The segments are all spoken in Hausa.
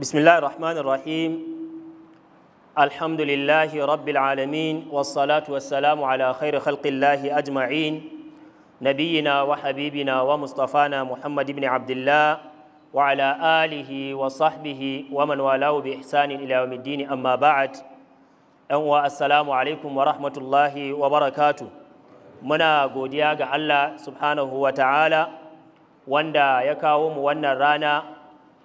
بسم الله الرحمن الرحيم الحمد لله رب العالمين والصلاة والسلام على خير خلق الله أجمعين نبينا وحبيبنا ومصطفانا محمد بن عبد الله وعلى آله وصحبه ومن والاه بإحسان إلى يوم الدين أما بعد أنوا السلام عليكم ورحمة الله وبركاته منا قوديا الله سبحانه وتعالى wanda ya kawo mu wannan rana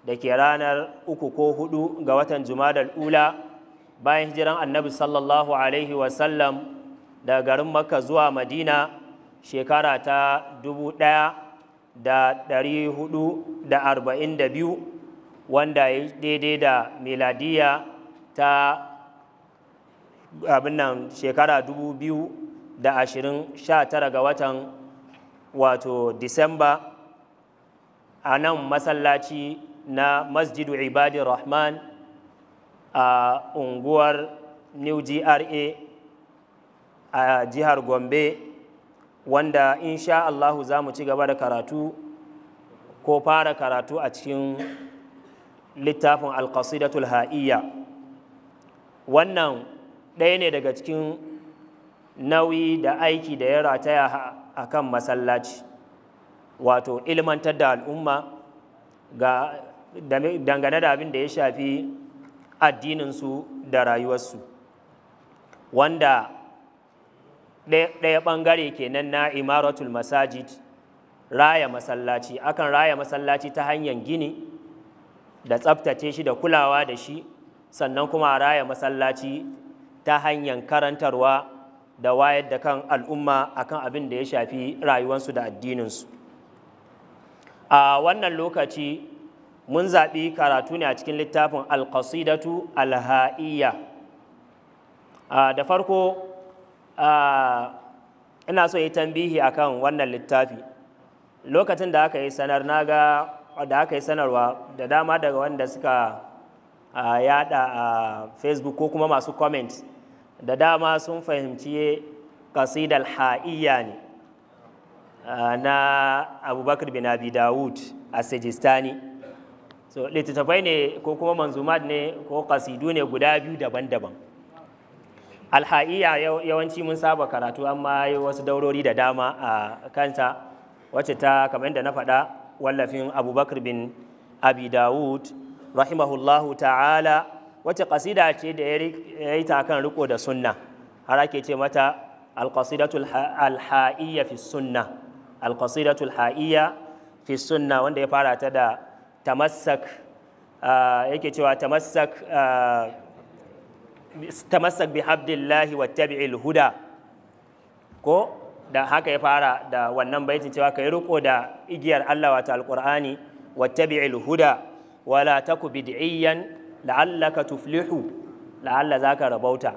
da ke ranar uku ko hudu ga watan jumadar ula bayan hijiran annabi sallallahu alaihi wasallam da garin makka zuwa madina shekara ta dubu ɗaya da ɗari hudu da arba'in da biyu wanda ya daidai da miladiya ta abinnan shekara dubu biyu da ashirin sha tara ga watan wato disamba a nan masallaci na masjidu ibadin rahman a unguwar new gra a jihar gombe wanda insha allahu za mu ci gaba da karatu ko fara karatu a cikin littafin alkasidatul ha'iyya wannan ɗaya ne daga cikin nauyi da aiki da ya rataya a kan masallaci wato ilmantar da al'umma ga dangane da abin da ya shafi addininsu da rayuwarsu wanda ɗaya ɓangare kenan na imaratul masajid raya masallaci akan raya masallaci ta hanyar gini da tsabtace shi da kulawa da shi sannan kuma a raya masallaci ta hanyar karantarwa da wayar da kan al'umma akan abin da ya shafi rayuwarsu da addininsu a wannan lokaci mun zaɓi karatu ne a cikin littafin alƙasidatu alha'iyya da farko ina so yi tambihi akan wannan littafi lokacin da aka yi sanar ga da aka yi sanarwa da dama daga wanda suka yada a facebook ko kuma masu comment da dama sun fahimci ƙasidar ha'iyya ne na abubakar bin abi dawud a sejistani so littattafai ne ko kuma manzumat ne ko kasidu ne guda biyu daban-daban alha'iya yawanci mun saba karatu amma yi wasu daurori da dama a kanta wacce ta kamar da na faɗa wallafin abubakar bin abi dawud rahimahullahu ta'ala wacce kasida ce da ya yi takan riko da sunna har ake ce mata alkasidatul fi sunna ha'iyya fi sunna wanda ya fara ta da tamassak ah, yake cewa tamassak ah, tamassak bi habdillahi wa tabi'il huda ko da haka ya fara da wannan baitin cewa kai riko da igiyar Allah wato alqur'ani wa tabi'il huda wala taku bid'iyyan la'allaka tuflihu la'alla zaka rabauta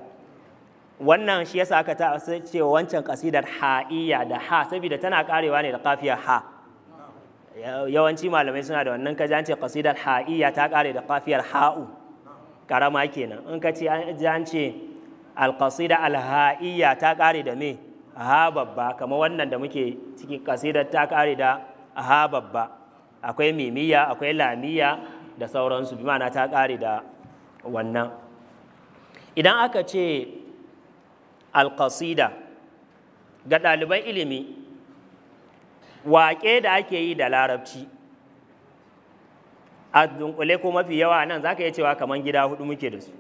wannan shi yasa aka ta ce wancan kasidar haiyya da ha saboda tana karewa ne da kafiyar ha yawanci malamai suna da wannan ka jance qasidar ha'iyya ta kare da kafiyar ha'u karama kenan in ka ce jance alqasida alha'iyya ta kare da me ha babba kamar wannan da muke cikin qasidar ta kare da ha babba akwai mimiya akwai lamiya da sauransu bi ma'ana ta kare da wannan idan aka ce alqasida ga ɗaliban ilimi waƙe da ake yi da larabci a dunkule ko mafi yawa nan za ka iya cewa kamar gida hudu muke da su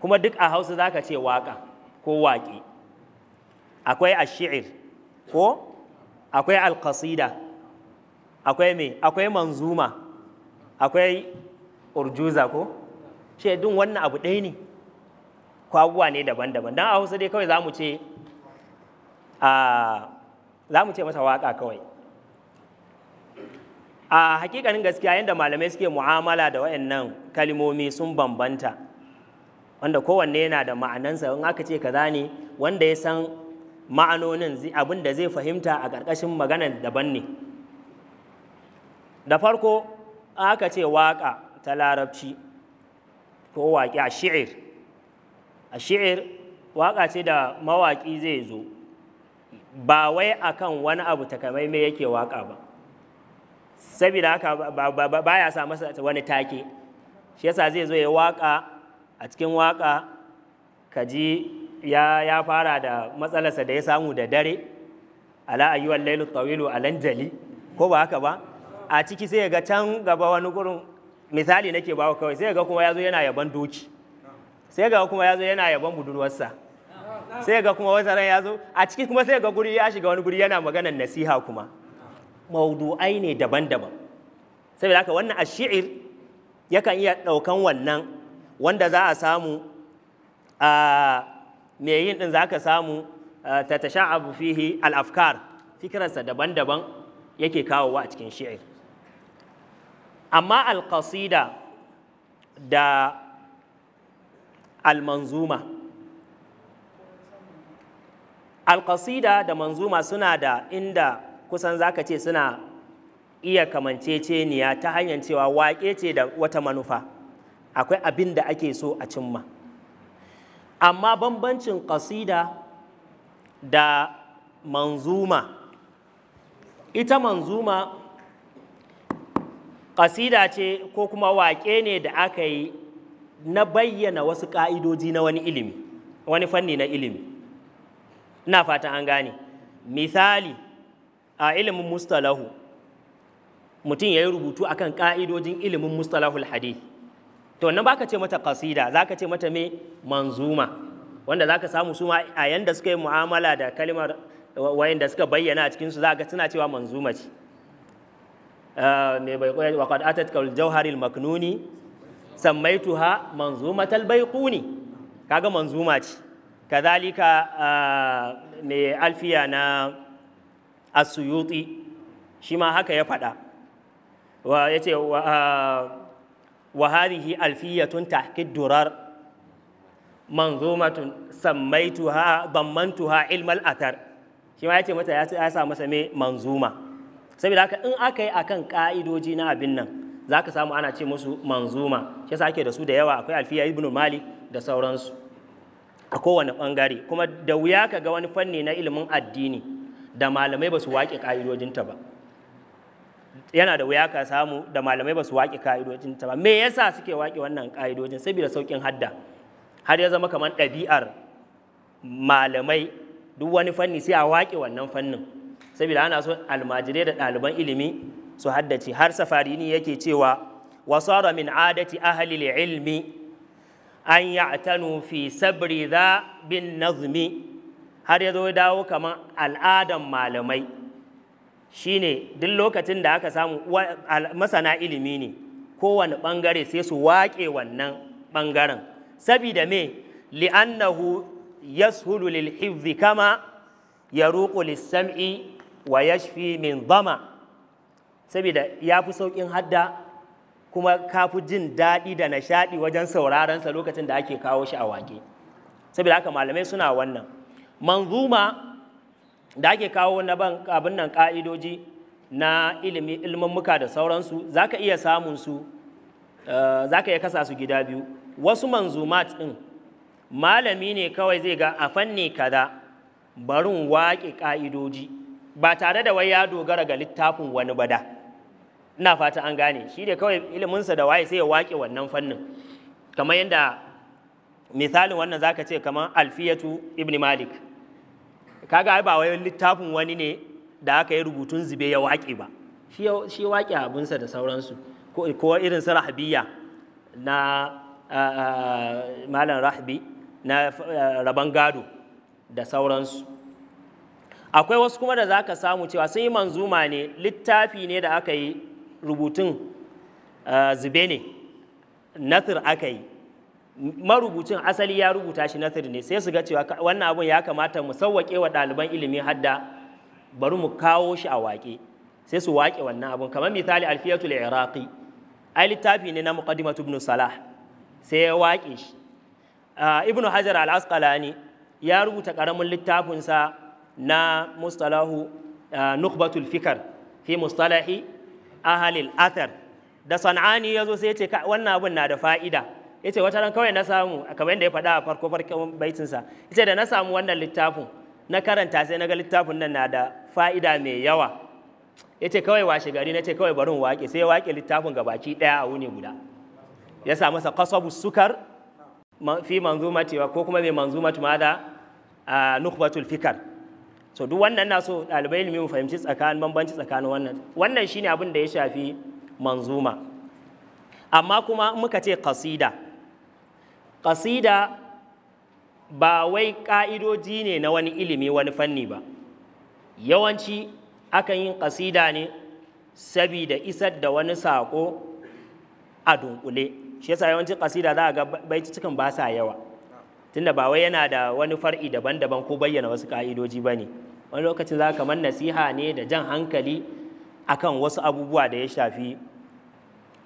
kuma duk a hausa za ka ce waƙa ko waƙe akwai ashi'ir ko akwai alƙasida akwai me akwai manzuma akwai urjuza ko ce dun wannan abu ɗaya ne ko abubuwa ne daban-daban don a hausa dai kawai za mu ce a ah, za mu ce masa waƙa kawai a hakikanin gaskiya yadda malamai suke mu'amala da waɗannan kalmomi sun bambanta wanda kowanne yana da ma'anansa in aka ce kaza ne wanda ya san ma'anonin abin da zai fahimta a ƙarƙashin maganar daban ne da farko aka ce waƙa ta larabci ko waƙi a shi'ir a shi'ir waƙa ce da mawaƙi zai zo ba wai akan wani abu takamaimai yake waka ba saboda haka ba ya sa masa wani take shi yasa zai zo ya waka a cikin waka kaji ya fara da matsalarsa da ya samu da dare ala ayyuwan lailu tawilu Landali ko ba haka ba a ciki sai ya ga can gaba wani gurin misali nake bawa kawai sai ya ga kuma ya zo yana yaban doki sai ya ga kuma ya zo yana yaban budurwarsa sai ga kuma wata ran ya zo a ciki kuma sai ga guri ya shiga wani guri yana maganar nasiha kuma maudu'ai ne daban-daban saboda haka wannan ashi'ir yakan iya ɗaukan wannan wanda za a samu a mai yin ɗin za ka samu ta tasha abu fihi al'afkar fikirarsa daban-daban yake kawowa a cikin shi'ir amma alƙasida da almanzuma alƙasida da manzuma suna da inda kusan zaka ce suna iya kamanceceniya ta hanyar cewa waƙe ce da wata manufa akwai abin da ake so a cimma amma bambancin ƙasida da manzuma ita manzuma ƙasida ce ko kuma waƙe ne da aka yi na bayyana wasu ƙa'idoji na wani ilimi wani fanni na ilimi ina fatan an gane misali a ilimin mustalahu mutum ya yi rubutu a kan ƙa'idojin ilimin mustalahul hadith to nan baka ce mata kasida ka ce mata me manzuma wanda za ka samu suma a yanda suka yi mu'amala da kalimar wayanda suka bayyana a cikin su ka suna cewa manzuma ce ah, mai bai wa atat maknuni sammaituha kaga manzuma ce kazalika ah, mai alfiya na asuyuti shi ma haka ya faɗa wa ya ce wa ah, harihi alfiyatun tahkid durar manzumatun bambantu ha ilmal atar shi ma yace mata ya sa masa me manzuma saboda haka in aka yi akan ka'idoji na abin nan za ka samu ana ce musu manzuma shi sa ake da su da yawa akwai alfiya ibnu malik da sauransu a kowane ɓangare kuma da wuya ka ga wani fanni na ilimin addini da malamai ba su waƙe ƙa'idojinta ba yana da wuya ka samu da malamai ba su waƙe ƙa'idojinta ba me yasa suke wake wannan ƙa'idojin saboda sauƙin hadda har ya zama kamar ɗabi'ar malamai duk wani fanni sai a wake wannan fannin saboda ana so almajirai da ɗaliban ilimi su haddace har safari ne yake cewa wasara min adati ahli ilmi an ya'tanu fi sabri za bin nazmi har ya zo dawo kamar al'adan malamai shine duk lokacin da aka samu masana ilimi ne kowane ɓangare sai su waƙe wannan ɓangaren sabida me li'annahu yashulu lil hifzi kama ya lis sam'i wa yashfi min zama sabida ya fi sauƙin hadda kuma ka fi jin daɗi da nishaɗi wajen saurarensa lokacin da ake kawo shi a wake saboda haka malamai suna wannan manzuma da ake kawo na ban abin nan ka'idoji na ilimi ilmammuka da sauransu za ka iya samun su eh, za ka iya kasa su gida biyu wasu manzumat ɗin malami ne kawai zai ga a fanni kaza barin waƙe ƙa'idoji ba tare da wai ya dogara ga littafin wani ba da. ina fata an gane shi ne kawai iliminsa da waye sai ya wake wannan fannin kamar yadda misalin wannan zaka ce kamar alfiyatu ibn malik kaga ai ba wai littafin wani ne da aka yi rubutun zube ya wake ba shi ya wake abinsa da sauransu ko irin su rahabiya na malam rahbi na raban gado da sauransu akwai wasu kuma da zaka samu cewa sun yi manzuma ne littafi ne da aka yi rubutun ah, zube ne nathir aka yi marubucin asali ya rubuta shi nathir ne sai su ga cewa wannan abun ya kamata mu sauwaƙe wa ɗaliban ilimin hadda bari mu kawo shi a waƙe sai su waƙe wannan abun kamar misali alfiyatul iraqi ai littafi ne na muqaddimatu ibn salah sai ya waƙe shi ah, ibn hajar al asqalani ya rubuta ƙaramin littafinsa na mustalahu ah, nukbatul fikar fi mustalahi ahalil athar da san'ani ya zo sai ce wannan abun na da fa'ida yace ce wata ran kawai na samu kamar yadda ya faɗa a farko farkon baitinsa ya ce da na samu wannan littafin na karanta sai na littafin nan na da fa'ida mai yawa ya ce kawai washe gari na ce kawai barin wake sai ya wake littafin ga baki ɗaya a wuni guda ya sa masa kasabu sukar fi manzumati ko kuma mai manzumati ma da nukbatul fikar so duk wannan na so ɗalibai ilimi mu fahimci tsakanin bambanci tsakanin wannan wannan shine abin da ya shafi manzuma amma kuma muka ce kasida kasida ba wai ƙa'idoji ne na wani ilimi wani fanni ba yawanci akan yin kasida ne sabida isar da wani saƙo a dunkule shi yasa yawanci kasida za a ga cikin ba sa yawa tunda ba wai yana da wani far'i daban-daban ko bayyana wasu ka'idoji ba ne wani lokacin za ka man nasiha ne da jan hankali akan wasu abubuwa da ya shafi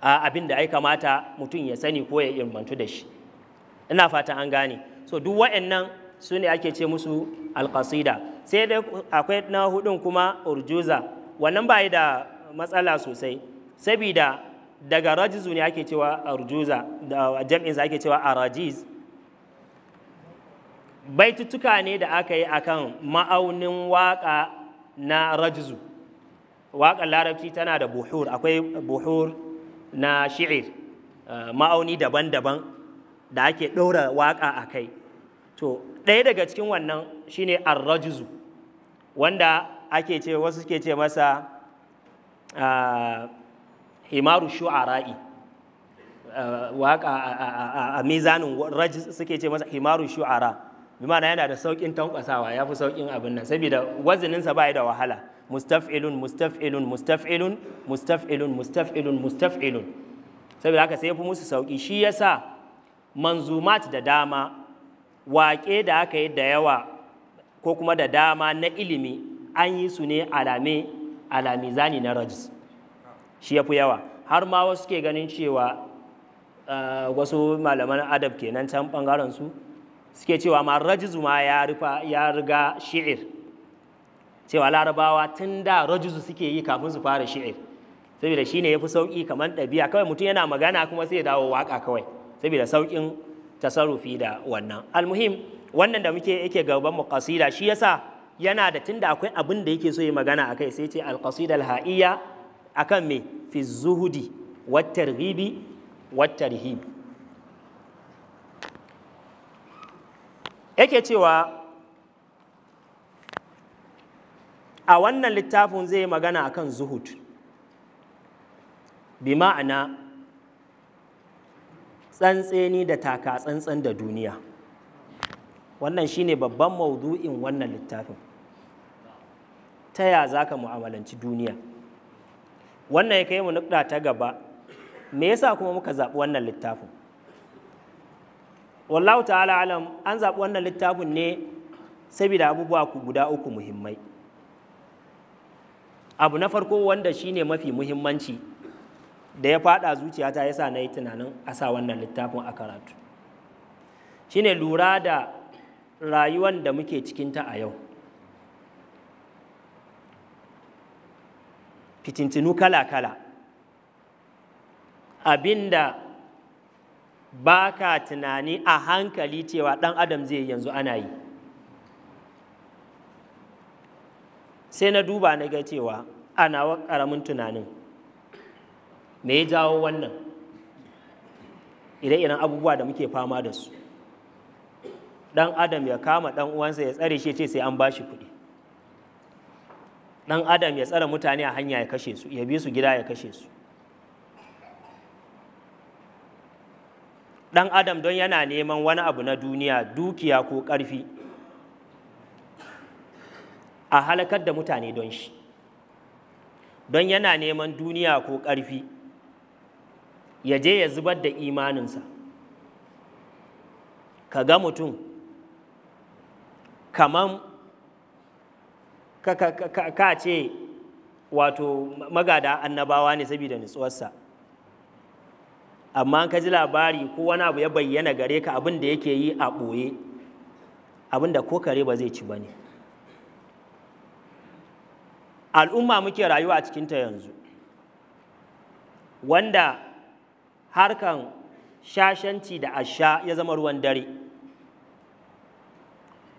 a abin da ai kamata mutum ya sani ko ya ilmantu da shi ina fata an gane so duk wa'annan su ne ake ce musu alkasida sai dai akwai na hudun kuma urjuza wannan ba da matsala sosai sabida daga rajizu ne ake cewa urjuza da ake cewa arajiz baitutuka ne da aka yi akan ma'aunin waka na rajzu waƙar larabci tana da buhur akwai buhur na shi'ir eh, ma'auni daban-daban da ake ɗaura waƙa a kai to ɗaya daga cikin wannan shine arrajzu wanda ake ce wasu ke ce masa eh, himaru shu'ara'i eh, waƙa a mizanin suke ce masa himaru shu'ara' bimana yana da saukin tankwasawa ya fi saukin abin nan saboda wazininsa ba da wahala mustaf'ilun mustaf'ilun mustaf'ilun mustaf'ilun mustaf'ilun mustaf'ilun saboda haka sai ya fi musu sauki shi yasa manzumat da dama waƙe da aka yi da yawa ko kuma da dama na ilimi an yi su ne alame zani na rajis shi ya fi yawa har ma wasu ke ganin cewa eh, wasu malaman adab kenan can bangaren su suke cewa ma rajizu ma ya rufa ya riga shi'ir cewa larabawa tun da rajizu suke yi kafin su fara shi'ir saboda ya fi sauƙi kamar ɗabi'a kawai mutum yana magana kuma sai ya dawo waƙa kawai saboda saukin tasarrufi da wannan almuhim wannan da muke yake gaban mu qasida shi yasa yana da tunda akwai abin da yake so yi magana akai sai ce alqasida ha'iya akan me fi zuhudi wat targhibi wat tarhibi yake cewa a wannan littafin zai magana akan zuhud bi ma'ana tsantseni da taka tsantsan da duniya wannan shine babban maudu'in wannan littafin ta ya za ka mu'amalanci duniya wannan ya kai mu nukda ta gaba me yasa kuma muka zaɓi wannan littafin wallahu ta'ala alam an zaɓi wannan littafin ne saboda abubuwa ku guda uku muhimmai abu na farko wanda shi ne mafi muhimmanci da ya fada zuciyata yasa na yi tunanin a sa wannan littafin a karatu shi ne lura da rayuwan da muke cikinta a yau fitintinu kala-kala abinda ba ka tunani a hankali cewa ɗan adam zai yanzu ana yi sai na duba na ga cewa ana wa ƙaramin tunanin me ya jawo wannan ire-iren abubuwa da muke fama da su ɗan adam ya kama ɗan uwansa ya tsare shi ce sai an ba shi kuɗi ɗan adam ya tsare mutane a hanya ya kashe su ya bi su gida ya kashe su ɗan adam don yana neman wani abu na duniya dukiya ko ƙarfi a halakar da mutane don shi don yana neman duniya ko ƙarfi ya je ya zubar da imaninsa ka ga mutum kaman ka ce wato magada annabawa ne saboda nutsuwarsa amma ka ji labari ko wani abu ya bayyana gare ka abin da yake yi a ɓoye abin da ko kare ba zai ci ba ne al'umma muke rayuwa a cikinta yanzu wanda harkan shashanci da asha ya zama ruwan dare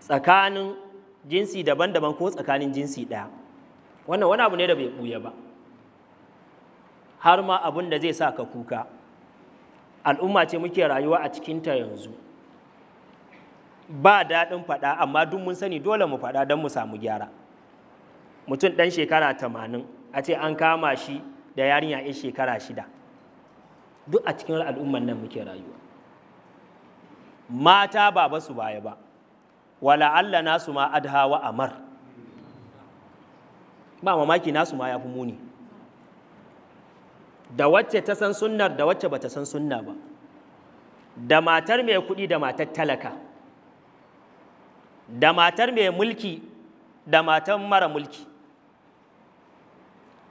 tsakanin jinsi daban-daban ko tsakanin jinsi ɗaya wannan wani abu ne da bai ɓuya ba har ma abin da zai sa ka kuka al'umma ce muke rayuwa a cikinta yanzu ba daɗin faɗa amma duk mun sani dole mu faɗa don mu samu gyara mutum ɗan shekara tamanin a ce an kama shi da yarinya ya shekara shida duk a cikin al'umman nan muke rayuwa mata ba ba su baya ba wala Allah nasu ma adha wa amar ba mamaki nasu ma ya fi muni da wacce ta san sunnar da wacce bata san sunna ba da matar mai kuɗi da matar talaka da matar mai mulki da matar mara mulki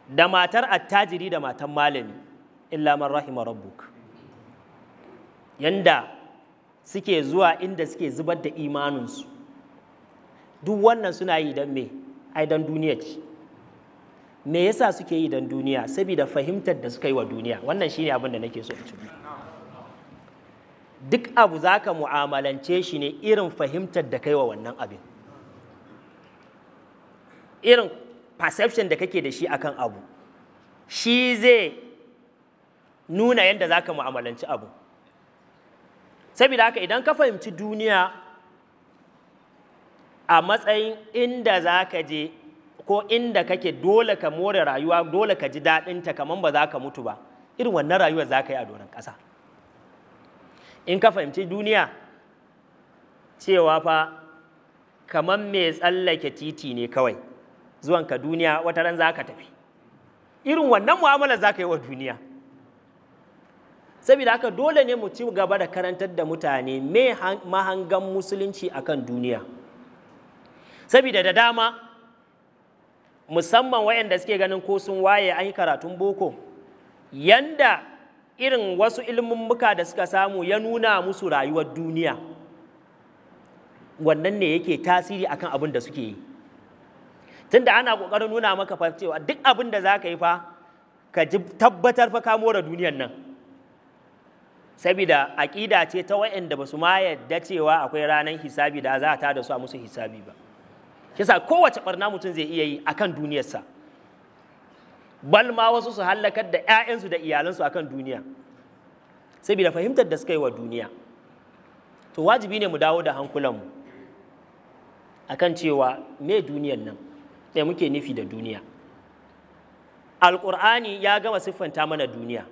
da matar attajiri da matar malami illa man rahima rabbuk yanda suke zuwa inda suke zubar da imaninsu duk wannan suna yi don me ai don duniya ce me yasa suke yi don duniya saboda fahimtar da suka yi wa duniya wannan shine abin da nake so in duk abu za ka mu'amalance shi ne irin fahimtar da kai wa wannan abin irin perception da kake da shi akan abu shi zai nuna yadda za ka mu'amalanci abu saboda haka idan ka fahimci duniya a matsayin inda za ka je ko inda kake dole ka more rayuwa dole ka ji daɗinta kamar ba za ka mutu ba irin wannan rayuwar za ka yi a doron ƙasa in ka fahimci duniya cewa fa kamar mai tsallake titi ne kawai zuwanka duniya wata ran za ka tafi irin wannan mu'amalar za ka yi wa duniya saboda haka dole ne mu ci gaba da karantar da mutane mai mahangan musulunci akan duniya saboda da dama musamman wayanda suke ganin ko sun waye an yi karatun boko yanda irin wasu ilmummuka da suka samu ya nuna musu rayuwar duniya wannan ne yake tasiri akan abin da suke yi tunda ana kokarin nuna maka fa cewa duk abin da za ka yi fa ka ji tabbatar fa ka more duniyar nan saboda aƙida ce ta wayanda basu su ma yadda cewa akwai ranar hisabi da za ta tada su a musu hisabi ba yasa kowace barna mutum zai iya yi akan duniyarsa bal ma wasu su hallakar da 'ya'yansu da iyalansu akan duniya saboda fahimtar da suka yi wa duniya to wajibi ne mu dawo da hankulanmu akan cewa me duniyar nan me muke nufi da duniya alƙur'ani ya gama siffanta mana duniya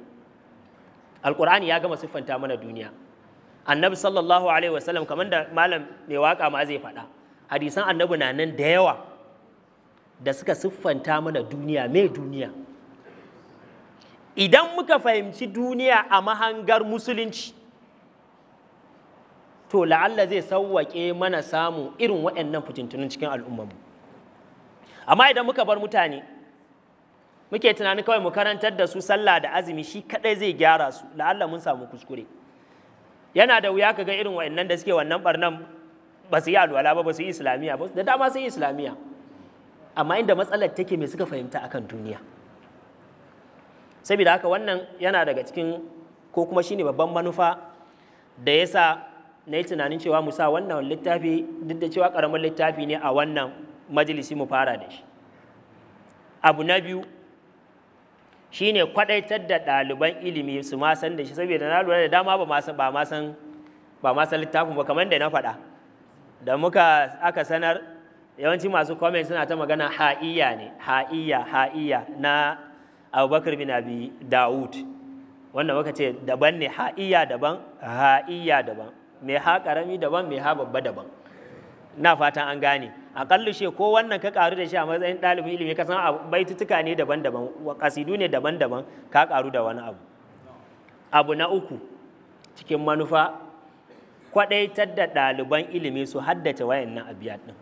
alƙur'ani ya gama siffanta mana duniya annabi sallallahu alaihi wasallam kamar da malam mai waka ma zai faɗa hadisan annabi na nan da yawa da suka siffanta mana duniya mai duniya idan muka fahimci duniya a mahangar musulunci to la'alla zai sauwaƙe mana samu irin waɗannan fitintunan cikin al'ummanmu amma idan muka bar mutane muke tunanin kawai mu karantar da su sallah da azumi shi kaɗai zai gyara su la'alla mun samu kuskure yana da wuya ka ga irin waɗannan da suke wannan barnan ba su yi alwala ba ba su yi islamiyya ba da dama sun yi islamiyya amma inda matsalar take mai suka fahimta akan duniya saboda haka wannan yana daga cikin ko kuma shine babban manufa da ya sa na yi tunanin cewa mu sa wannan littafi duk da cewa ƙaramin littafi ne a wannan majalisi mu fara da shi abu na biyu shine kwadaitar da ɗaliban ilimi su ma san da shi saboda na lura da dama ba ma san littafin ba kamar da na faɗa da muka aka sanar yawanci masu comment suna ta magana ha'iya ne ha'iya ha'iya na abubakar bin abi dawud wannan muka ce daban ne ha'iya daban ha'iya daban mai ha karami daban mai ha babba daban na fatan an gane aƙalla shi ko wannan ka karu da shi a matsayin ɗalibin ilimi ka san baitutuka ne daban-daban kasidu ne daban-daban ka karu da wani abu abu na uku cikin manufa kwadaitar da ɗaliban ilimi su haddace wayannan abiyat ɗin.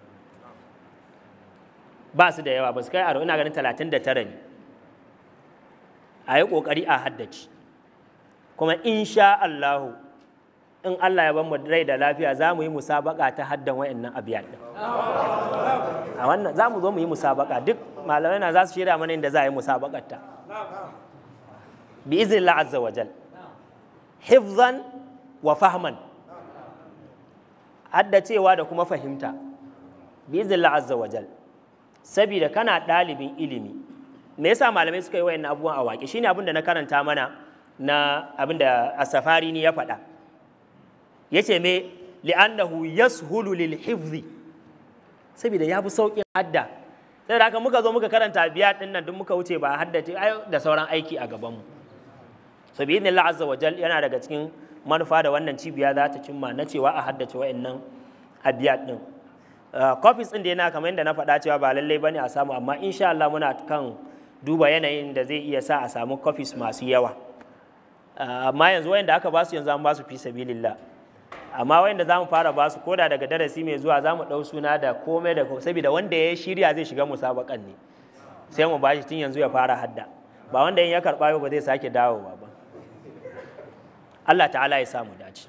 ba su da yawa ba su kai aro ina ganin talatin da tara ne a yi ƙoƙari a haddace kuma insha Allahu in Allah ya bamu rai da lafiya za mu yi musabaka ta haddan wayannan abiyat ɗin. a wannan za mu zo mu yi musabaka duk malamai na za su shirya mana inda za a yi musabakar ta bi izin la'azza wajal hifzan wa fahman haddacewa da kuma fahimta izin azza wajal saboda kana ɗalibin ilimi me yasa malamai suka yi wayannan abubuwan a waƙe shine abin da na karanta mana na abin da asafari ni ya faɗa yace me li'annahu yashulu lil hifzi saboda ya fi sauƙin hadda sai da muka zo muka karanta biya ɗin nan duk muka wuce ba haddace da sauran aiki a gabanmu so bi idnillah azza wajal yana daga cikin manufa da wannan cibiya za ta cimma na cewa a haddace wa'annan abiyat din kofis ah, ɗin da yana kamar yadda na faɗa cewa ba lallai bane a samu amma insha Allah muna kan duba yanayin da zai iya sa a samu kofis masu yawa ah, amma yanzu wayanda aka basu yanzu an basu fi sabilillah amma wayanda zamu fara basu koda daga darasi mai zuwa zamu dau suna da komai da komai saboda wanda ya shirya zai shiga musabakan ne sai mu bashi tun yanzu ya fara hadda ba wanda in ya karba yau ba zai sake dawowa ba Allah ta'ala ya samu dace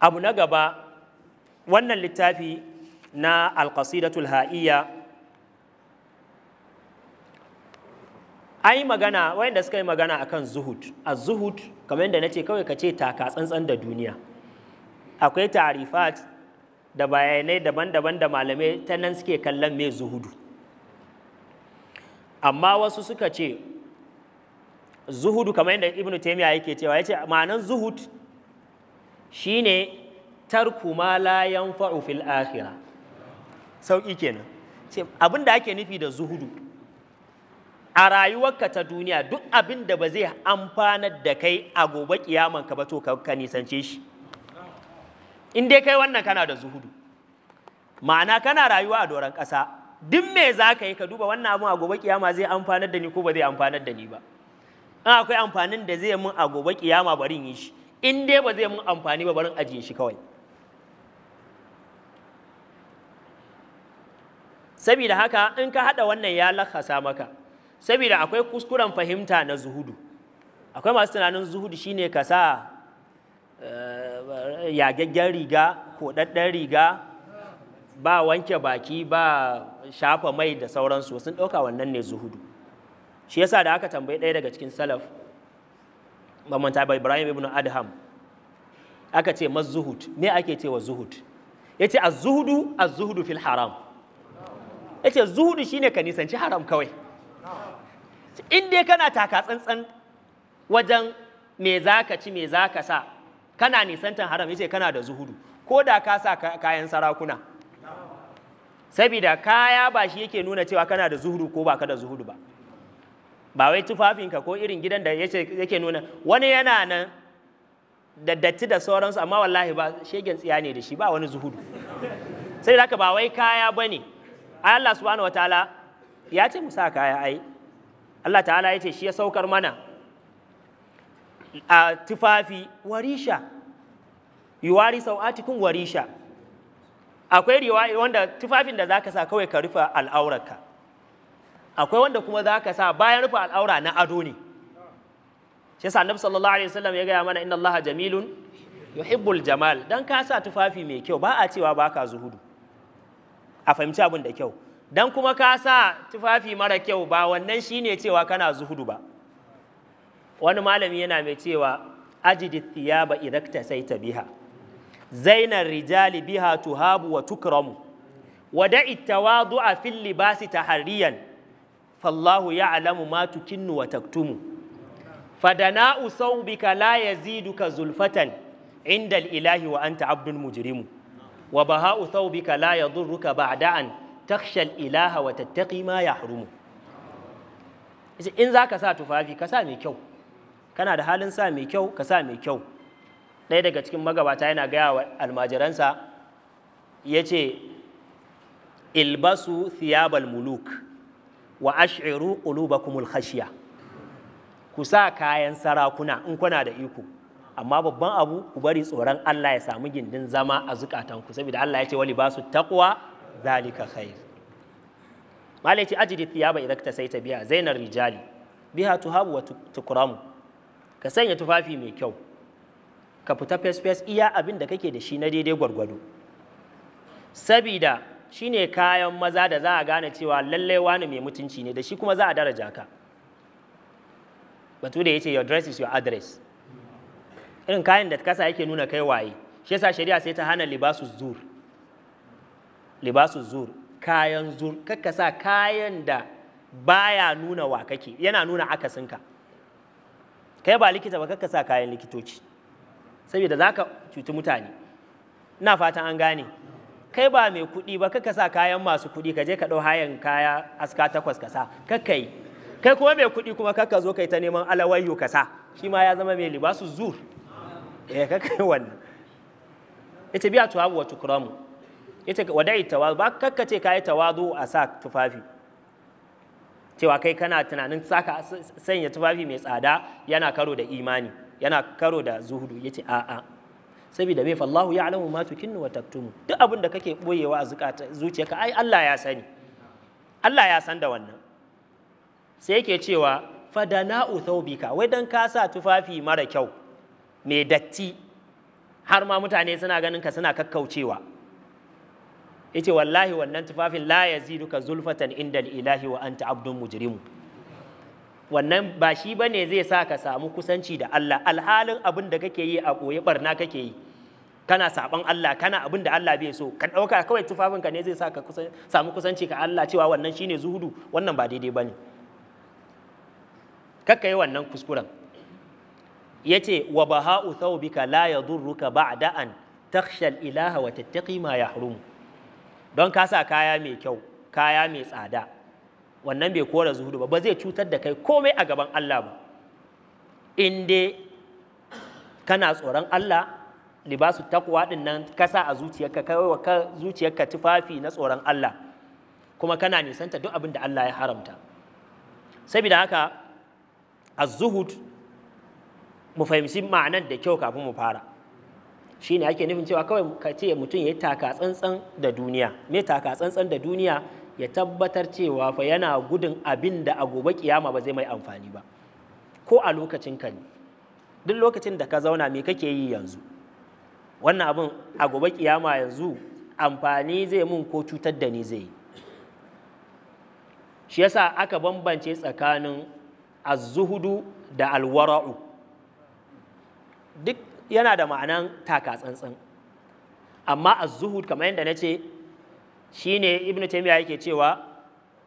abu na gaba wannan littafi na alƙasidatul ha'iyya an yi magana wayanda suka yi magana akan zuhud a zuhud kamar yadda na ce kawai ka ce taka tsantsan da duniya akwai tarifat da bayanai daban-daban da malamai ta nan suke kallon mai zuhudu amma wasu suka ce zuhudu kamar yadda ibnu taimiyya yake cewa ya ce ma'anan zuhud shine tarku ma la yanfa'u fil akhirah sauki kenan ce abin da ake nufi da zuhudu a rayuwarka ta duniya duk abin da ba zai amfanar da kai a gobe kiyamanka ba to ka nisance shi in dai kai wannan kana da zuhudu ma'ana kana rayuwa a doron ƙasa duk me za ka yi ka duba wannan abin a gobe kiyama zai amfanar da ni ko ba zai amfanar da ni ba in akwai amfanin da zai mun a gobe kiyama barin yi shi in dai ba zai mun amfani ba barin ajiye shi kawai saboda haka in ka haɗa wannan ya lakasa maka saboda akwai kuskuren fahimta na zuhudu akwai masu tunanin zuhudu shine ka sa eh, yagaggen riga ko ɗaɗɗen riga ba wanke baki ba shafa mai da sauransu sun ɗauka wannan ne zuhudu shi yasa da aka tambayi ɗaya daga cikin salaf mamanta ba ibrahim ibn adham aka ce mazuhud me ake ce wa zuhud ya ce azuhudu azuhudu fil haram ya ce zuhudu shi ne ka nisanci haram kawai in dai kana taka tsantsan wajen me za ka ci me za ka sa kana nisantan haram ya ce kana da zuhudu ko da ka sa kayan sarakuna sabida kaya ba shi yake nuna cewa kana da zuhudu ko ba ka da zuhudu ba ba wai tufafinka ko irin gidan da yake nuna wani yana nan da datti da sauransu amma wallahi ba shegen tsiya ne da shi ba wani zuhudu sai da ba wai kaya ba ne Allah subhanahu wataala ya ce mu sa kaya ai Allah ta'ala ya ce shi ya saukar mana a tufafi warisha yuwari sau'atikun warisha akwai riwaya wanda tufafin da zaka sa kawai ka rufe al'aurarka akwai wanda kuma za ka sa bayan rufe al'aura na ado ne shi sa annabi sallallahu alaihi wasallam ya gaya mana inna allaha jamilun yuhibbul jamal dan ka sa tufafi mai kyau ba a cewa baka zuhudu a fahimci abin da kyau dan kuma ka sa tufafi mara kyau ba wannan shine cewa kana zuhudu ba wani malami yana mai cewa ajidi thiyaba idakta sai ta biha zainar rijali biha tuhabu wa tukramu wada'i tawadu'a fil libasi tahariyan fallahu ya'lamu ma tukinnu wa taktumu fadana'u saubika la yaziduka zulfatan inda ilahi wa anta abdul mujrimu wa baha'u saubika la yadurruka ba'da'an takshal ilaha wa tattaqi ma yahrumu in zaka sa tufafi ka kyau kana da halin sa mai kyau ka mai kyau ɗaya daga cikin magabata yana gaya wa almajiransa Yace ilbasu thiyabal muluk wa ash'iru qulubakumul khashiya ku sa kayan sarakuna in kuna da iko amma babban abu ku bari tsoron Allah ya samu gindin zama a ku, saboda Allah ya ce wali basu taqwa zalika khair malaiti ajidi thiyaba idan ta sai ta biya zainar rijali biha tuhabu wa tukramu ka sanya tufafi mai kyau ka fita fes fes iya abin da kake da shi na daidai gwargwado sabida Shi ne kayan maza da za a gane cewa lallai wani mai mutunci ne da shi kuma za a daraja ka batu da yace your dress is your address irin kayan da kasa yake nuna kai waye shi yasa shari'a sai ta hana libasu zur libasu zur kayan zur kakka sa kayan da baya nuna wa kake yana nuna akasinka kai ba likita ba kakka sa kayan likitoci saboda ka cuci mutane ina fatan an gane kai ba mai kuɗi ba kaka sa kayan masu kuɗi ka je ka ɗau hayan kaya aska takwas ka sa kaka yi kai kuma mai kuɗi kuma kaka zo kai ta neman alawayyu ka sa shi ma ya zama mai libasu zur eh kaka yi wannan ita biya tuwabu wa tukramu ita wada'i tawazu ba kaka ce kayi tawazu a sa tufafi cewa kai kana tunanin saka sanya tufafi mai tsada yana karo da imani yana karo da zuhudu yace a'a saboda bai fallahu ya alamu tukinnu wa taktumu duk abin da kake boyewa a zuciyarka ai Allah ya sani Allah ya san da wannan sai yake cewa fadana'u thawbika wai dan ka sa tufafi mara kyau mai datti har ma mutane suna ganin ka suna kakkaucewa yace wallahi wannan tufafin la yaziduka zulfatan inda ilahi wa anta abdun mujrimu wannan ba shi bane zai sa ka samu kusanci da Allah alhalin abin da kake yi a koyi barna kake yi kana saban Allah kana abin da Allah bai so ka ɗauka kawai ka ne zai sa ka samu kusanci ka Allah cewa wannan shine zuhudu wannan ba daidai bane kakka yi wannan kuskuren ya ce wa baha'u thawbika la yadurruka ba'da an takhshal ilaha wa tattaqi ma yahrum don ka sa kaya mai kyau kaya mai tsada wannan bai kora zuhudu ba ba zai cutar da kai komai a gaban Allah ba in dai kana tsoron Allah libasu takwa din nan kasa a zuciyarka kawai wa zuciyarka tufafi na tsoron Allah kuma kana nisanta duk abin da Allah ya haramta saboda haka az-zuhud mu fahimci ma'anar da kyau kafin mu fara shine ake nufin cewa kawai ka ce mutum ya taka tsantsan da duniya me taka tsantsan da duniya ya tabbatar cewa fa yana gudun abin da a gobe kiyama ba zai mai amfani ba ko a lokacin ka ne duk lokacin da ka zauna me kake yi yanzu wannan abin a gobe kiyama yanzu amfani zai mun ko cutar da ni zai shi yasa aka bambance tsakanin azzuhudu da alwara'u duk yana da ma'anan taka tsantsan amma azzuhud kamar yadda na ce shine ibnu taymiya yake cewa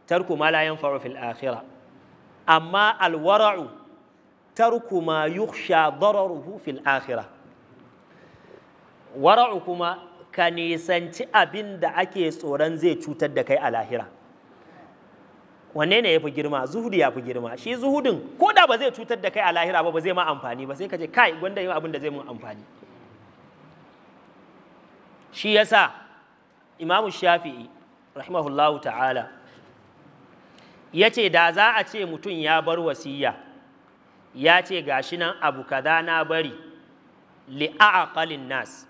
tarku ma la yanfa'u fil akhirah amma alwara'u tarku ma yukhsha dararuhu fil akhirah wara'u kuma ka nisanci abin da ake tsoron zai cutar da kai a lahira wanne ne ya fi girma zuhudu ya fi girma shi zuhudin ko da ba zai cutar da kai a lahira ba ba zai ma amfani ba sai ka ce kai gwanda yi abin da zai mun amfani shi yasa imamu shafi'i rahimahullahu ta'ala ya ce da za a ce mutum ya bar wasiya ya ce gashi nan abu kaza na bari li'aqalin nas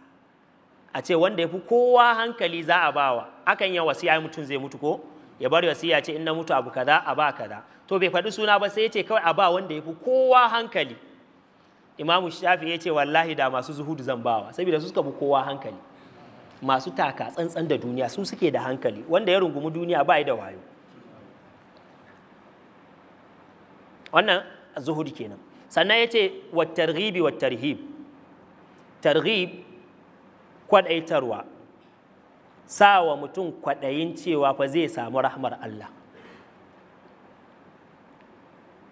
a ce wanda ya fi kowa hankali za a bawa akan yi wasiya mutum zai mutu ko ya bar wasiya ce in na mutu abu kaza a ba kaza to bai faɗi suna ba sai ya ce kawai a ba wanda ya fi kowa hankali imamu shafi ya ce wallahi da masu zuhudu zan bawa saboda su suka fi kowa hankali masu taka tsantsan da duniya su suke da hankali wanda ya rungumi duniya ba da wayo wannan zuhudu kenan sannan ya ce wa targhibi wa tarhib targhib kwaɗaitarwa sa wa mutum kwaɗayin cewa fa zai samu rahmar Allah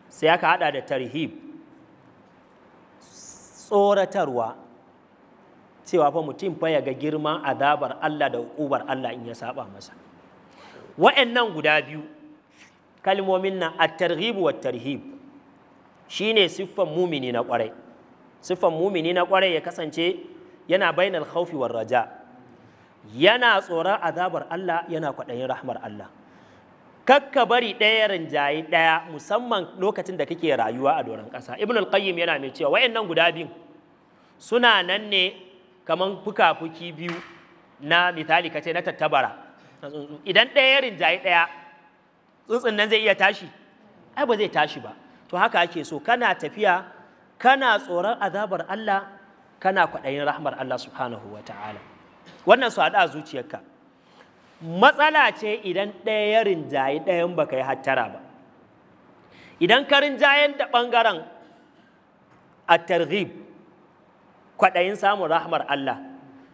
sai aka haɗa da tarhib tsoratarwa cewa fa mutum fa ya ga girman azabar Allah da ubar Allah in ya saba masa wa'annan guda biyu kalmomin nan a targhib wa tarhib ne siffan mumini na kwarai siffan mumini na kwarai ya kasance yana bainal khawfi war raja yana tsoron azabar Allah yana kwaɗayin rahmar Allah kakka bari ɗaya rinjaye ɗaya musamman lokacin da kake rayuwa a doron ƙasa ibn al-qayyim yana mai cewa nan guda biyu suna nan ne kaman fuka-fuki biyu na misali kace na tattabara idan ɗaya rinjaye ɗaya tsuntsun nan zai iya tashi ai ba zai tashi ba to haka ake so kana tafiya kana tsoron azabar Allah kana kwaɗayin rahmar Allah subhanahu wa ta'ala wannan su haɗa zuciyarka matsala ce idan ɗaya ya rinjaye ɗayan baka yi hattara ba idan ka rinjayen da ɓangaren a targhib kwaɗayin samun rahmar Allah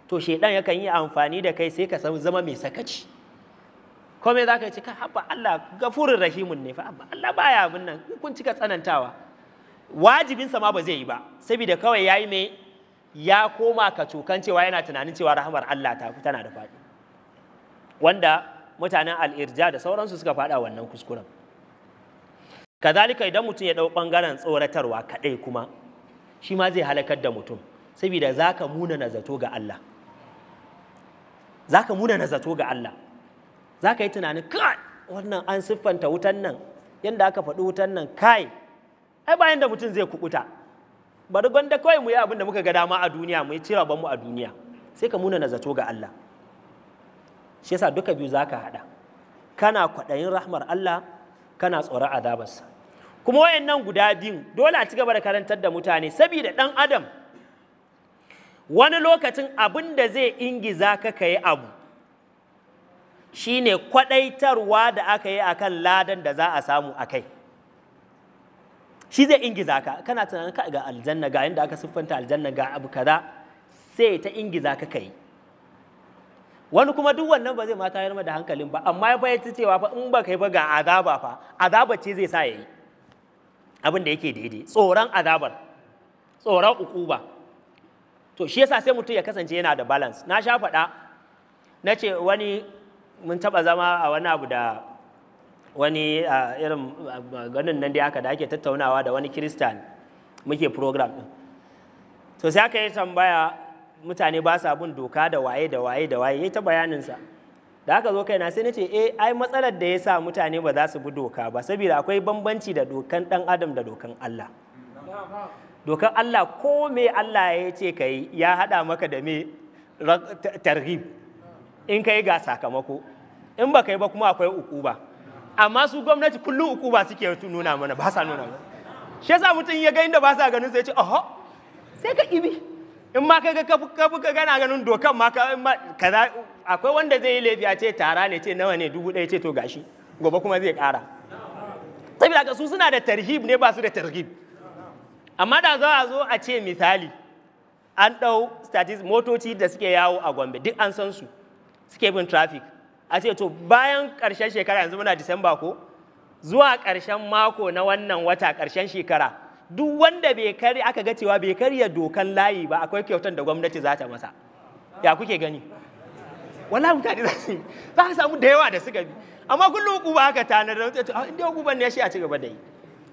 to shaidan yakan yi amfani da kai sai ka zama mai sakaci komai za ka ci ka haɓa Allah gafurin rahimun ne fa Allah baya abin nan kun cika tsanantawa wajibinsa ma ba zai yi ba saboda kawai ya yi mai ya koma ka cokan cewa yana tunanin cewa rahamar Allah ta tana da faɗi wanda mutanen al'irja da sauransu suka faɗa wannan kuskuren kazalika idan mutum ya ɗau ɓangaren tsoratarwa kaɗai kuma shi ma zai halakar da mutum saboda za ka na zato ga Allah za ka na zato ga Allah za ka yi tunanin kai wannan an siffanta wutan nan yadda aka faɗi wutan nan kai ai bayan da mutum zai kubuta bari gwanda kawai mu yi abin da muka ga dama a duniya mu yi cira mu a duniya sai ka muna zato ga Allah shi yasa duka biyu zaka hada kana kwaɗayin rahmar Allah kana tsoron azabarsa kuma wayannan guda biyu dole a ci gaba da karantar da mutane saboda ɗan adam wani lokacin abin da zai ingiza ka kai abu shine kwaɗaitarwa da aka yi akan ladan da za a samu akai kai shi zai ingiza ka kana tunanin ka ga aljanna ga yadda aka siffanta aljanna ga abu kaza sai ta ingiza ka kai wani kuma duk wannan ba zai ma tayar da hankalin ba amma ya bayyana cewa fa in ba kai ba ga azaba fa azaba ce zai sa yayi abin da yake daidai tsoron azabar tsoron ukuba to shi yasa sai mutum ya kasance yana da balance na sha faɗa na ce wani mun taɓa zama a wani abu da wani irin ganin nan dai aka da ake tattaunawa da wani kirista muke program din. to sai aka yi tambaya mutane ba sa bin doka da waye da waye da waye ta bayaninsa da aka zo kaina sai na ce eh ai matsalar da yasa mutane ba za su bi doka ba saboda akwai bambanci da dokan dan adam da dokan Allah dokan Allah ko me Allah ya ce ka ya haɗa maka da me targhib in kai ga sakamako in ba kai ba kuma akwai ukuba ba amma su gwamnati kullum uku ba suke nuna mana ba sa nuna mana shi yasa mutum ya ga inda ba sa ganin sai ya ce oho sai ka ibi in ma kai ka ka ka gana ganin dokan ma ka kaza akwai wanda zai yi laifi a ce tara ne ce nawa ne dubu ɗaya ce to gashi gobe kuma zai ƙara saboda ka su suna da tarhib ne ba su da tarhib amma da za a zo a ce misali an ɗau statistics motoci da suke yawo a gombe duk an san su suke bin traffic a ce to bayan ƙarshen shekara yanzu muna disamba ko zuwa ƙarshen mako na wannan wata ƙarshen shekara duk wanda bai kari aka ga cewa bai karya dokan layi ba akwai kyautar da gwamnati za ta masa ya kuke gani wala mutane za su za ka samu da yawa da suka bi amma kullum ba aka tanar da wata ah, inda hukuman ne shi a ci da yi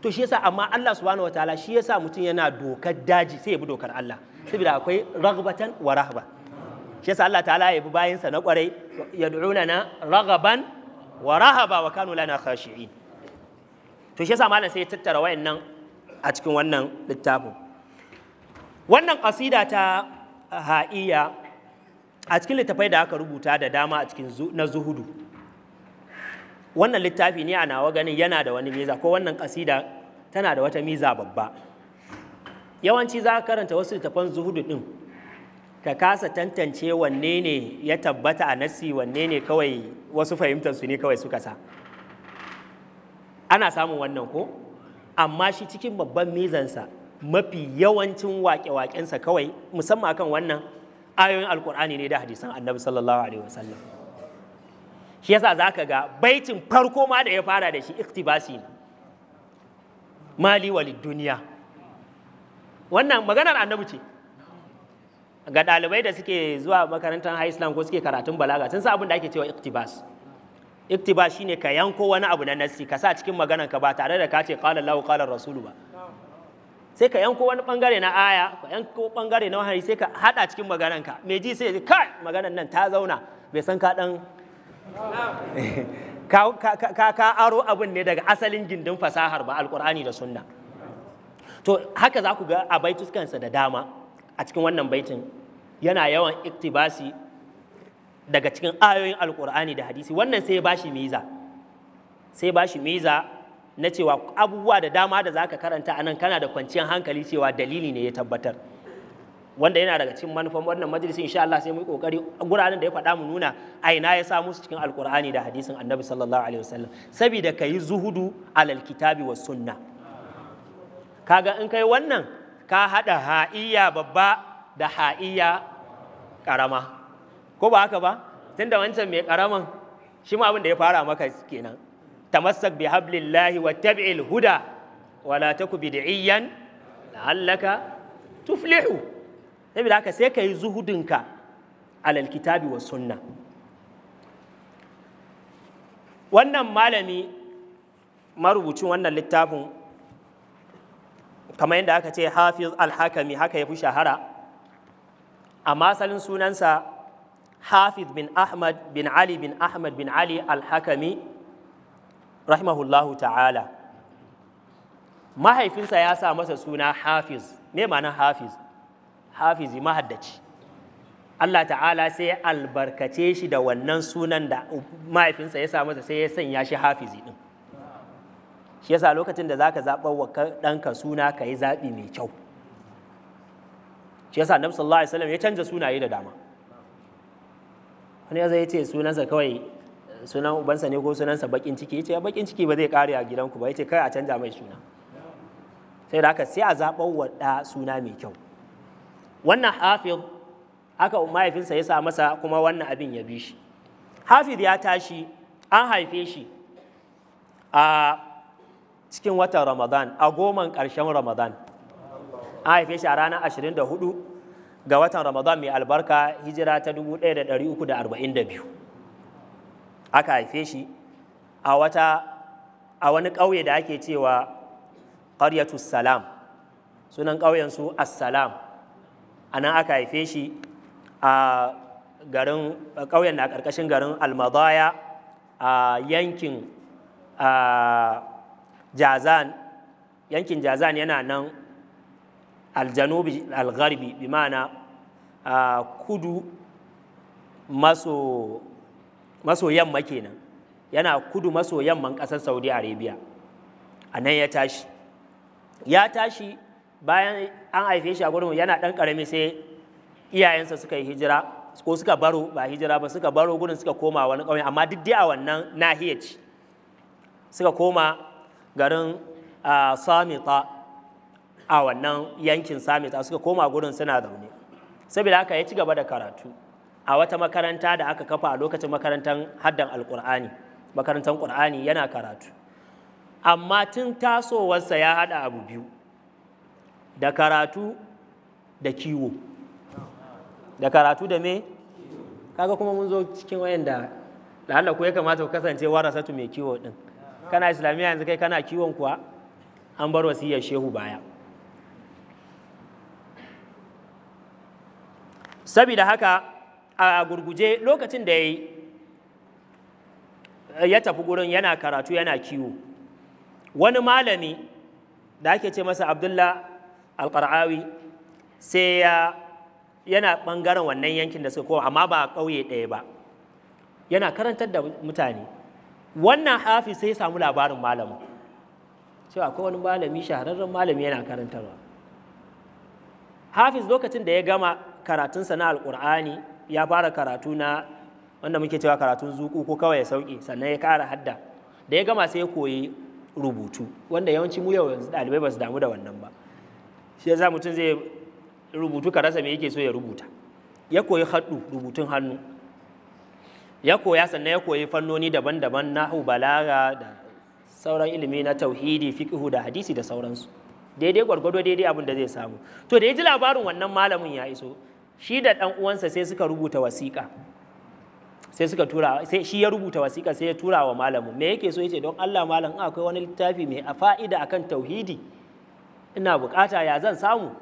to shi yasa amma Allah subhanahu wataala shi yasa mutum yana dokar daji sai ya bi dokar Allah saboda akwai ragbatan wa rahba shi yasa Allah ta'ala ya bi sa na kwarai du'una na ragaban wa rahaba wa kanu lana khashi'in to shi yasa malam sai ya tattara wayannan a cikin wannan littafin wannan qasida ta ha'iya a cikin littafai da aka rubuta da dama a cikin na zuhudu wannan littafi ne a nawa ganin yana da wani miza ko wannan kasida tana da wata miza babba yawanci za ka karanta wasu littafan zuhudu din ka kasa tantance wanne ne ya tabbata a nassi wanne ne kawai wasu fahimtarsu ne kawai suka sa ana samun wannan ko amma shi cikin babban mizansa mafi yawancin waƙe-waƙensa kawai musamman akan wannan ayoyin alkur'ani ne da hadisan annabi sallallahu alaihi wasallam shi yasa za ka ga baitin farko ma da ya fara da shi iktibasi mali walid duniya wannan maganar annabi ce ga ɗalibai da suke zuwa makarantar high islam ko suke karatun balaga sun sa abin da ake cewa iktibas iktibas shine ka yanko wani abu na nassi ka sa cikin maganar ka ba tare da ka ce qala Allahu qala rasulu ba sai ka yanko wani bangare na aya ka yanko bangare na wahayi sai ka hada cikin maganar ka me ji sai kai maganar nan ta zauna bai san ka dan ka ka aro abin ne daga asalin gindin fasahar ba alqur'ani da sunna to haka za ku ga a baituskansa da dama a cikin wannan baitin yana yawan iktibasi daga cikin ayoyin alkur'ani da hadisi wannan sai ya bashi miza sai bashi miza na cewa abubuwa da dama da zaka karanta a nan kana da kwanciyar hankali cewa dalili ne ya tabbatar wanda yana daga cikin manufan wannan majalisin insha Allah sai mu yi kokari guraren da ya faɗa mu nuna aina ya samu su cikin alkur'ani da hadisin annabi sallallahu alaihi wasallam saboda kai zuhudu alal kitabi was sunna kaga in kai wannan ka haɗa ha'iyya babba da ha'iyya ƙarama ko ba haka ba tunda wancan mai ƙaramin shi ma abin da ya fara maka kenan tamassak bi hablillahi wa tab'il huda wala taku bid'iyyan la'allaka tuflihu Sabida haka sai ka yi ka alal kitabi wa sunna wannan malami marubucin wannan littafin kamar yadda aka ce hafiz alhakami haka ya fi shahara amma masalin sunansa hafiz bin ahmad bin ali bin ahmad bin ali alhakami rahimahullahu ta'ala mahaifinsa ya sa masa suna hafiz me ma'ana hafiz hafizi mahaddaci Allah ta'ala sai albarkace shi da wannan sunan da mahaifinsa ya sa masa sai ya sanya shi hafizi din shi yasa lokacin da zaka zaɓar wa ɗanka suna ka yi zaɓi mai kyau shi yasa annabi sallallahu alaihi wasallam ya canza sunaye da dama wani yasa yace sunansa kawai sunan ubansa ne ko sunansa bakin ciki yace ya bakin ciki ba zai kare a gidanku ba yace kai a canja mai suna sai da haka sai a zaɓar wa ɗa suna mai kyau wannan hafiz haka mahaifinsa ya sa masa kuma wannan abin ya bi shi hafiz ya tashi an haife shi a cikin watan ramadan a goman ƙarshen ramadan an haife shi a ranar 24 ga watan ramadan mai albarka hijira ta 1342 aka haife shi a wata a wani ƙauye da ake cewa ƙaryatu salam sunan ƙauyensu assalam a nan aka haife shi a garin ƙauyen na ƙarƙashin garin almadaya a yankin jazan yankin jazan yana nan aljanubi algarbi bi ma'ana kudu maso maso yamma kenan yana kudu maso yamman ƙasar saudi arabia a nan ya tashi ya tashi bayan an haife shi a gurin yana ɗan ƙarami sai iyayensa suka yi hijira ko suka baro ba hijira ba suka baro gurin suka koma wani ƙauye amma duk dai a wannan nahiyar ci suka koma garin samita a wannan yankin samita suka koma gurin suna zaune saboda aka ya ci gaba da karatu a wata makaranta da aka kafa a lokacin makarantar haddan alkur'ani makarantar kur'ani yana karatu amma tun tasowarsa ya haɗa abu biyu da karatu da kiwo da karatu da me kaga kuma mun zo cikin wayan da Allah ya kamata ku kasance warasatu mai kiwo din kana islamiyya yanzu kai kana kiwon kuwa an bar wasiyar shehu baya saboda haka a gurguje lokacin da ya tafi gurin yana karatu yana kiwo wani malami da ake ce masa abdullah alkar'awi sai ya yana ɓangaren wannan yankin da suka kowa amma ba ƙauye ɗaya ba yana karantar da mutane wannan hafi sai samu labarin malamu. cewa akwai wani malami shahararren malami yana karantarwa hafiz lokacin da ya gama karatunsa na alkur'ani ya fara karatu na wanda muke cewa karatun zuku ko kawai ya sauƙi sannan ya kara hadda da ya gama sai ya koyi rubutu wanda yawanci mu yau yanzu ɗalibai ba su damu da wannan ba shi ya mutum zai rubutu ka me yake so ya rubuta ya koyi haɗu rubutun hannu ya koya sannan ya koyi fannoni daban-daban na balaga da sauran ilimi na tauhidi fiqhu da hadisi da sauransu daidai gwargwado daidai abin da zai samu to da ya ji labarin wannan malamin ya iso shi da ɗan uwansa sai suka rubuta wasiƙa sai suka tura sai shi ya rubuta wasiƙa sai ya tura wa malamin me yake so yace don Allah malam in akwai wani littafi mai a fa'ida akan tauhidi ina bukata ya zan samu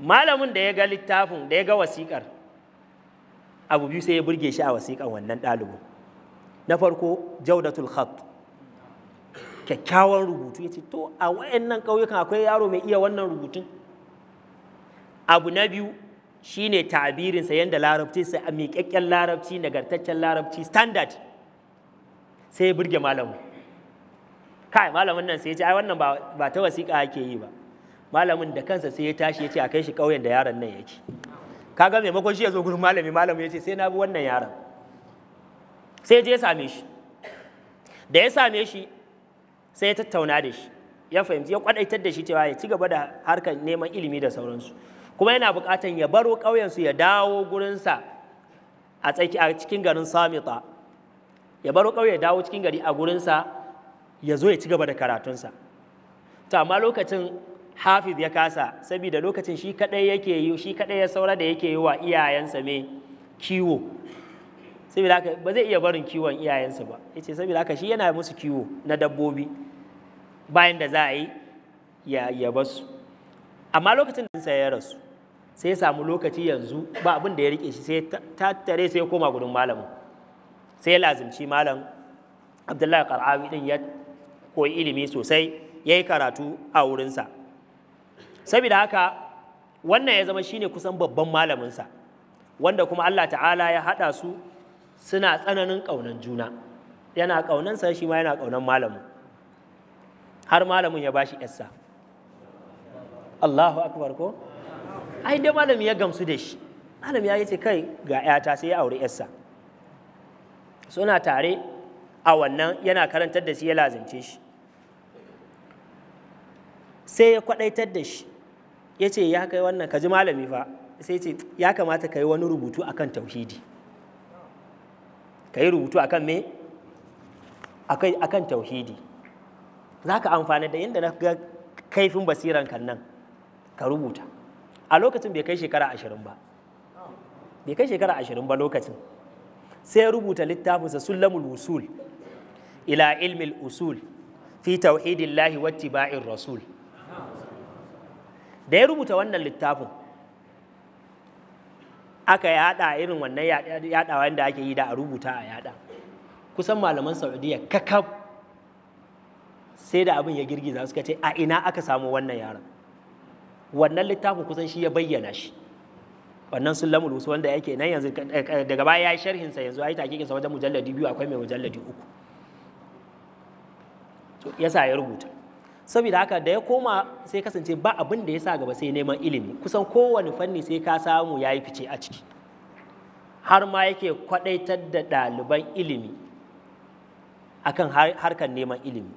malamin da ya ga littafin da ya ga wasiƙar abu biyu sai ya burge shi a wasiƙan wannan ɗalibu na farko jaudatul khat kyakkyawan rubutu ya ce to a wayannan ƙauyukan akwai yaro mai iya wannan rubutun abu na biyu shine tabirinsa yadda larabci sai a miƙaƙƙen larabci nagartaccen larabci standard sai ya burge malamu kai malamin nan sai ya ce ai wannan ba ta wasiƙa ake yi ba malamin da kansa sai ya tashi ya ce a kai shi ƙauyen da yaron nan yake Ka kaga maimakon shi ya zo gurin malami malami ya ce sai na bi wannan yaron sai je same shi da ya same shi sai ya tattauna da shi ya fahimci ya kwadaitar da shi cewa ya ci gaba da harkar neman ilimi da sauransu kuma yana buƙatar ya baro ƙauyensu ya dawo gurinsa a cikin garin samita ya baro ƙauye ya dawo cikin gari a gurinsa ya zo ya ci gaba da karatunsa to amma lokacin hafiz ya kasa saboda lokacin shi kadai yake yi shi kadai ya saura da yake yi wa iyayensa mai kiwo saboda haka ba zai iya barin kiwon iyayensa ba yace saboda haka shi yana musu kiwo na dabbobi bayan da za a yi ya ya basu amma lokacin da sai ya rasu sai ya samu lokaci yanzu ba abin da ya rike shi sai tattare sai ya koma gudun malamin sai ya lazimci malam abdullahi qara'awi din ya koyi ilimi sosai ya yi karatu a wurinsa saboda haka wannan ya zama shine kusan babban malaminsa wanda kuma Allah ta'ala ya haɗa su suna tsananin ƙaunan juna yana ƙaunansa shi ma yana ƙaunan malamin har malamin ya bashi yassa Allahu akbar ko ai da malami ya gamsu da shi malami ya ce kai ga yata sai ya aure yassa suna tare a wannan yana karantar da shi ya lazimce shi sai ya kwadaitar da shi ya ce ya kai wannan ka ji malami fa sai ce ya kamata ka yi wani rubutu akan tauhidi ka yi rubutu akan me akan tauhidi za ka amfana da inda na ga kaifin basiran kan nan ka rubuta a lokacin bai kai shekara ashirin ba bai kai shekara ashirin ba lokacin sai ya rubuta littafinsa sullamul usul ila ilmil usul fi tauhidillahi wattiba'in rasul da ya rubuta wannan littafin aka yada irin wannan yadawa da ake yi da a rubuta a yada kusan malaman saudiya kakab sai da abin ya girgiza suka ce a ina aka samu wannan yaron wannan littafin kusan shi ya bayyana shi wannan sullamul usul wanda yake nan yanzu daga baya ya yi sharhinsa yanzu yi takikin sa wajen mujalladi biyu akwai mai mujalladi uku yasa ya rubuta saboda haka da ya koma sai kasance ba abin da ya sa gaba sai neman ilimi kusan kowane fanni sai ka samu ya yi fice a ciki har ma yake kwadaitar da ɗaliban ilimi akan harkar neman ilimi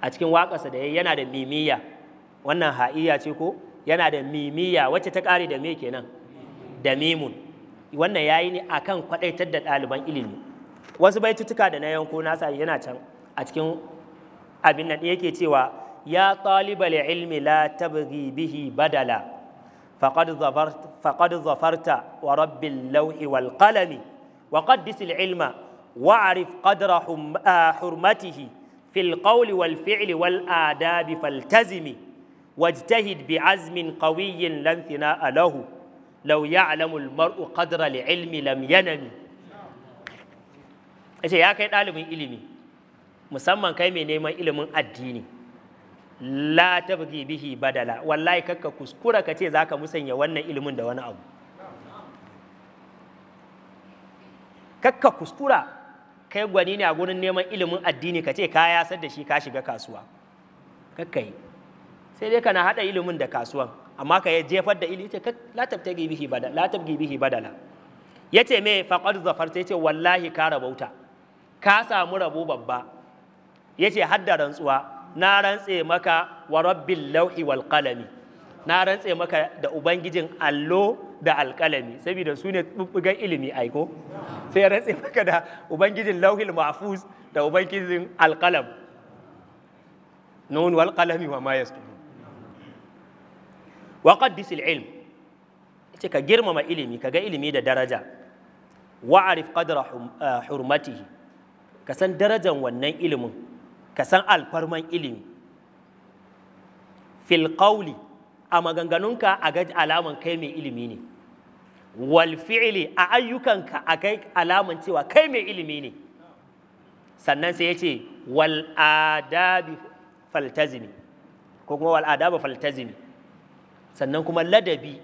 a cikin waƙarsa da yana da mimiya wannan ha'iya ce ko yana da mimiya wacce ta ƙare da me kenan da mimun wannan ya yi ne akan kwadaitar da ɗaliban ilimi wasu baitutuka da na yanko nasa yana can a cikin abin nan yake cewa ya talibal ilmi la tabghi bihi badala faqad zafarta faqad zafarta wa rabbil lawhi wal qalami wa qaddis al ilma wa'rif qadra ah, hurmatihi fil qawli wal fi'li wal adabi faltazimi wajtahid bi azmin qawiyyin lan thina'a lahu law ya'lamu al mar'u qadra al ilmi lam yanami ya kai dalibin ilimi musamman kai mai neman ilimin addini la tabghi bihi badala wallahi kakka kuskura kace zaka musanya wannan ilimin da wani abu kakka kuskura kai gwani ne a gurin neman ilimin addini ka ce ka yasar da shi ka shiga kasuwa kakka yi sai dai kana hada ilimin da kasuwan amma ka ya jefar da ilimi yace la tabtagi bihi badala la tabghi bihi badala yace me faqad zafarta yace wallahi ka rabauta ka samu rabo babba yace hadda rantsuwa na rantse maka wa rabbil lauhi wal qalami na rantse maka da ubangijin allo da alkalami saboda su ne bubbugan ilimi aiko sai ya rantse maka da ubangijin lauhil mahfuz da ubangijin nun wal qalami wa ma yasturu wa qaddis al ilm ce ka girmama ilimi ka ga ilimi da daraja wa'arif qadra hurmatihi ka san darajan wannan ilimin ka san alfarman ilimi fil qawli a maganganunka a ga alaman kai mai ilimi ne wal fi'li a ayyukanka a ga alaman cewa kai mai ilimi ne sannan sai ya ce wal adabi faltazimi ko kuma wal adabi faltazimi sannan kuma ladabi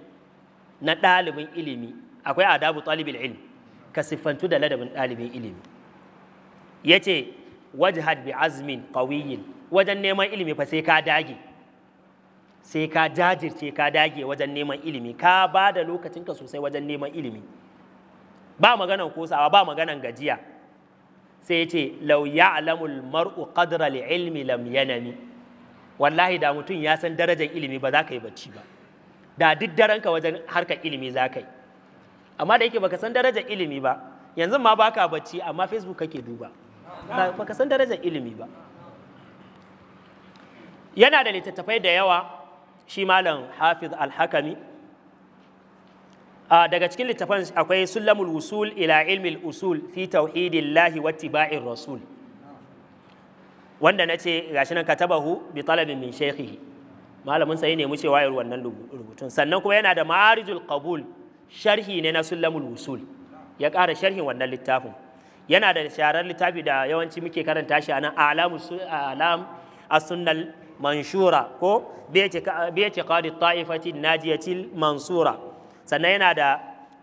na ɗalibin ilimi akwai adabu ɗalibin ilimi ka siffantu da ladabin ɗalibin ilimi Yace. wajhad bi azmin qawiyin wajen neman ilimi fa sai ka dage sai ka jajirce ka dage wajen neman ilimi ka ba da ka sosai wajen neman ilimi ba maganan kosawa ba maganan gajiya sai ce lau ya'lamul mar'u qadra ilmi lam yanami wallahi da mutum ya san darajar ilimi ba za ka yi bacci ba da duk daranka wajen harkar ilimi za ka yi amma da yake baka san darajar ilimi ba yanzu ma baka bacci amma facebook kake duba ba ka san darajar ilimi ba yana da littattafai da yawa shi malam hafiz al-Hakami. hakami ah, daga cikin littattafan akwai sullamul wusul ila ilmil usul fi tauhidillahi wa tiba'in rasul wanda na ce gashi nan katabahu bi talabin min shekhihi malamin sai ne mu cewa yar wannan rubutun sannan kuma yana da marijul qabul sharhi ne na sullamul wusul ya ƙara sharhin wannan littafin yana da sharar littafi da yawanci muke karanta shi anan alamu alam as-sunnal manshura ko bi i'tiqadi ta'ifati najiyati mansura sannan yana da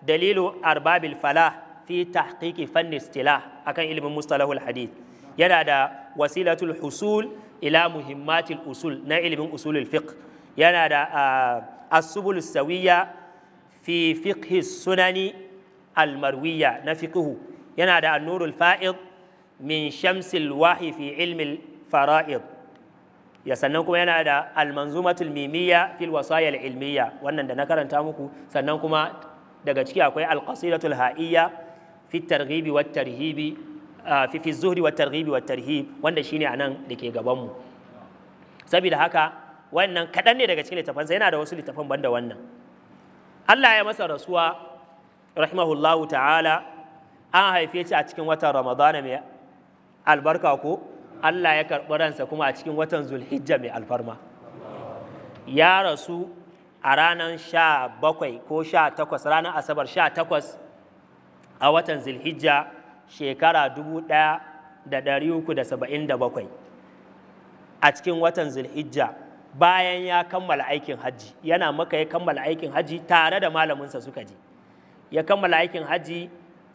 dalilu arbabil falah fi tahqiqi fanni istilah akan ilmin mustalahul hadith yana da wasilatul husul ila muhimmatil usul na ilmin usulul fiqh yana da as-subul sawiyya fi fiqhi sunani al-marwiyya na fiqhu yana da annurul fa'id min shamsil wahi fi ilmil fara'id ya sannan kuma yana da almanzumatul mimiyya fil wasayil ilmiyya wannan da na karanta muku sannan kuma daga ciki akwai alqasidatul ha'iyya fi targhibi wat tarhibi fi fi zuhri wat targhibi wat tarhib wanda shine anan da ke gaban mu saboda haka wannan kadan ne daga cikin littafan sa yana da wasu littafan banda wannan Allah ya masa rasuwa rahimahullahu ta'ala an haife shi a cikin watan ramadana mai albarka ko Allah ya karɓi ransa kuma a cikin watan zulhijja mai alfarma ya rasu a ranar sha bakwai ko sha takwas ranar asabar sha takwas a watan zulhijja shekara dubu ɗaya da ɗari uku da saba'in da bakwai a cikin watan zulhijja bayan ya kammala aikin hajji yana maka ya kammala aikin hajji tare da malaminsa suka je ya kammala aikin hajji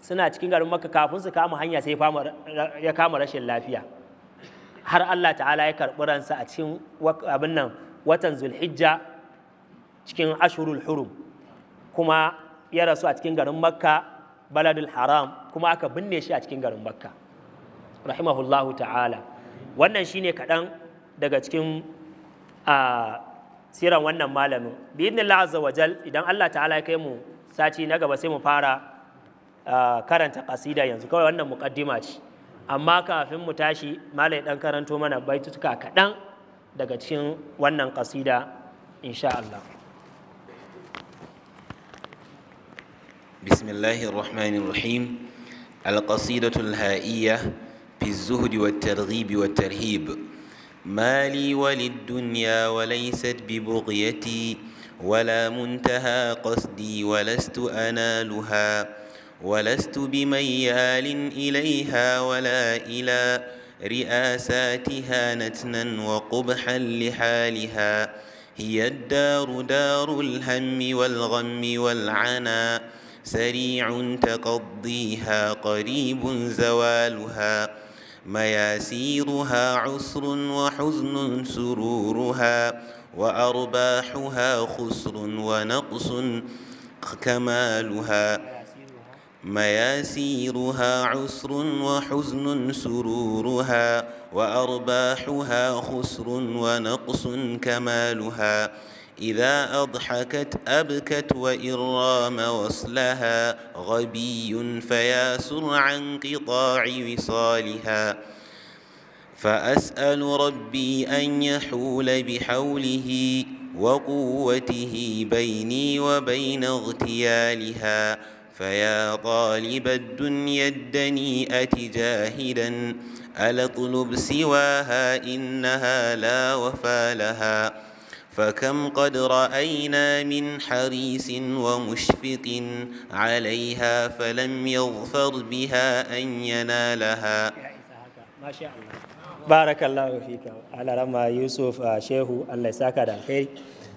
suna cikin garin Makka kafin su kama hanya sai ya kama rashin lafiya har Allah ta'ala ya karɓi ransa a cikin abin nan watan zulhijja cikin ashurul hurum kuma ya rasu a cikin garin makka baladul haram kuma aka binne shi a cikin garin makka rahimahullahu ta'ala wannan shine kaɗan daga cikin siran wannan malamin bi idan Allah ta'ala ya kai mu sati na gaba sai mu fara Ah, karanta kasida yanzu kawai wannan mukaddima ce amma kafin mu tashi malai dan karanto mana baitutuka kaɗan daga cikin wannan kasida insha Allah بسم الله الرحمن الرحيم القصيدة الهائية في الزهد والترغيب والترهيب ما لي وللدنيا وليست ببغيتي ولا منتهى قصدي ولست أنالها ولست بميال إليها ولا إلى رئاساتها نتنا وقبحا لحالها هي الدار دار الهم والغم والعنا سريع تقضيها قريب زوالها مياسيرها عسر وحزن سرورها وأرباحها خسر ونقص كمالها مياسيرها عسر وحزن سرورها وأرباحها خسر ونقص كمالها إذا أضحكت أبكت وإن رام وصلها غبي فياسر عن قطاع وصالها فأسأل ربي أن يحول بحوله وقوته بيني وبين اغتيالها فيا طالب الدنيا الدنيئة جاهدا ألطلب سواها إنها لا وفى لها فكم قد رأينا من حريص ومشفق عليها فلم يظفر بها أن ينالها ما شاء الله بارك الله فيك على رمى يوسف آه، شيخ الله يساك الخير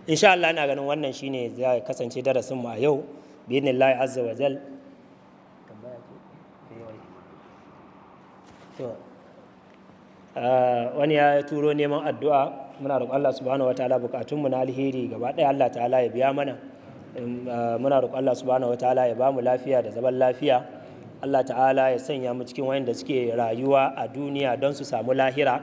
إن شاء الله أنا أقول wannan shine zai kasance darasin mu a yau بإذن الله عز وجل wani ya turo neman addu'a muna roƙon Allah subhanahu wa ta'ala bukatunmu na alheri gaba ɗaya Allah ta'ala ya biya mana um, uh, muna roƙon Allah subhanahu wa ta'ala ya bamu lafiya da zaman lafiya Allah ta'ala ya sanya mu cikin wayanda suke rayuwa a duniya don su samu lahira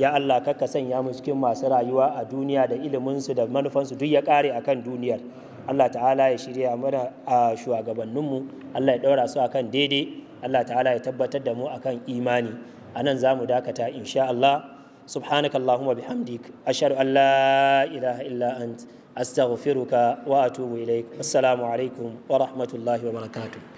ya Allah kakka sanya mu cikin masu rayuwa a duniya da iliminsu da manufansu duk ya ƙare akan duniyar Allah ta'ala ya shirya mana a shugabanninmu Allah ya ɗaura su akan daidai Allah ta'ala ya tabbatar da mu akan imani a nan za mu dakata insha Allah subhanaka Allahumma bihamdik ashhadu an la ilaha illa ant astaghfiruka wa atubu ilaik assalamu alaikum wa rahmatullahi wa barakatuh